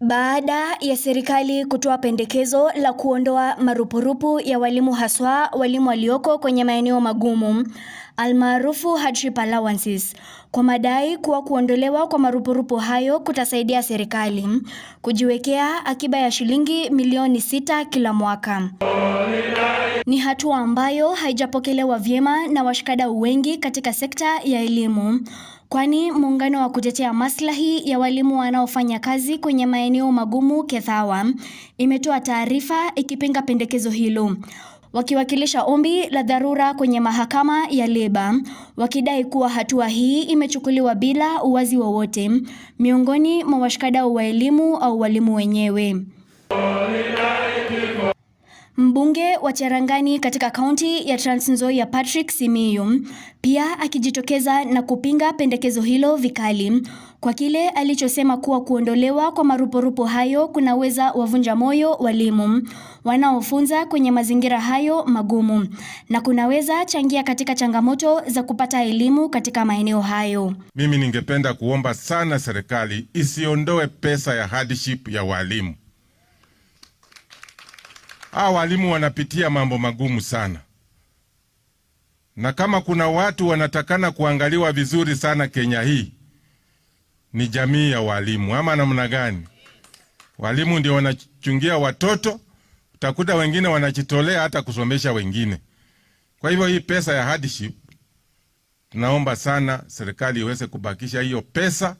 Baada ya serikali kutoa pendekezo la kuondoa marupurupu ya walimu haswa walimu walioko kwenye maeneo magumu almaarufu hardship allowances kwa madai kuwa kuondolewa kwa marupurupu hayo kutasaidia serikali kujiwekea akiba ya shilingi milioni sita kila mwaka. Ni hatua ambayo haijapokelewa vyema na washikadau wengi katika sekta ya elimu kwani muungano wa kutetea maslahi ya walimu wanaofanya kazi kwenye maeneo magumu KETHAWA imetoa taarifa ikipinga pendekezo hilo wakiwakilisha ombi la dharura kwenye mahakama ya leba wakidai kuwa hatua hii imechukuliwa bila uwazi wowote miongoni mwa washikadau wa elimu au walimu wenyewe. Mbunge wa Cherangani katika kaunti ya Trans Nzoia Patrick Simiyu pia akijitokeza na kupinga pendekezo hilo vikali kwa kile alichosema kuwa kuondolewa kwa marupurupu hayo kunaweza wavunja moyo walimu wanaofunza kwenye mazingira hayo magumu na kunaweza changia katika changamoto za kupata elimu katika maeneo hayo. Mimi ningependa kuomba sana serikali isiondoe pesa ya hardship ya walimu hawa walimu wanapitia mambo magumu sana, na kama kuna watu wanatakana kuangaliwa vizuri sana Kenya hii ni jamii ya walimu, ama namna gani? Walimu ndio wanachungia watoto, utakuta wengine wanajitolea hata kusomesha wengine. Kwa hivyo hii pesa ya hardship tunaomba sana serikali iweze kubakisha hiyo pesa,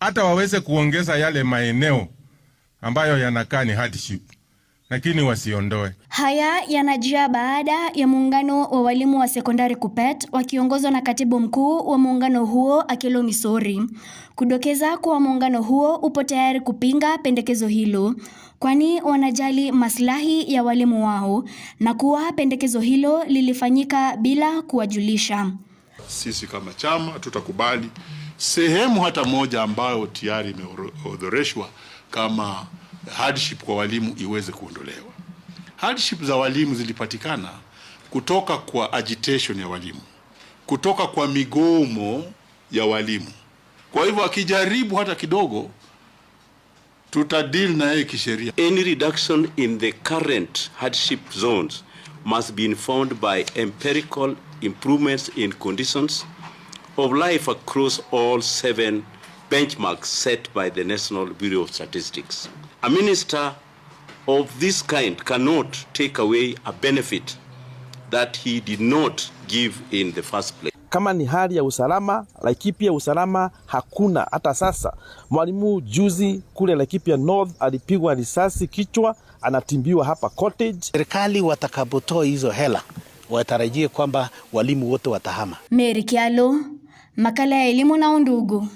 hata waweze kuongeza yale maeneo ambayo yanakaa ni hardship lakini wasiondoe. Haya yanajia baada ya muungano wa walimu wa sekondari KUPPET wakiongozwa na katibu mkuu wa muungano huo Akelo Misori kudokeza kuwa muungano huo upo tayari kupinga pendekezo hilo, kwani wanajali maslahi ya walimu wao na kuwa pendekezo hilo lilifanyika bila kuwajulisha. Sisi kama chama tutakubali sehemu hata moja ambayo tayari imeorodhoreshwa kama hardship kwa walimu iweze kuondolewa. Hardship za walimu zilipatikana kutoka kwa agitation ya walimu, kutoka kwa migomo ya walimu. Kwa hivyo akijaribu hata kidogo, tuta deal na yeye kisheria. Any reduction in the current hardship zones must be informed by empirical improvements in conditions of life across all seven benchmarks set by the National Bureau of Statistics. A minister of this kind cannot take away a benefit that he did not give in the first place. Kama ni hali ya usalama Laikipia, usalama hakuna hata sasa. Mwalimu juzi kule Laikipia North alipigwa risasi kichwa, anatimbiwa hapa cottage. Serikali watakapotoa hizo hela, watarajie kwamba walimu wote watahama. Mary Kyalo, makala ya elimu na Undugu.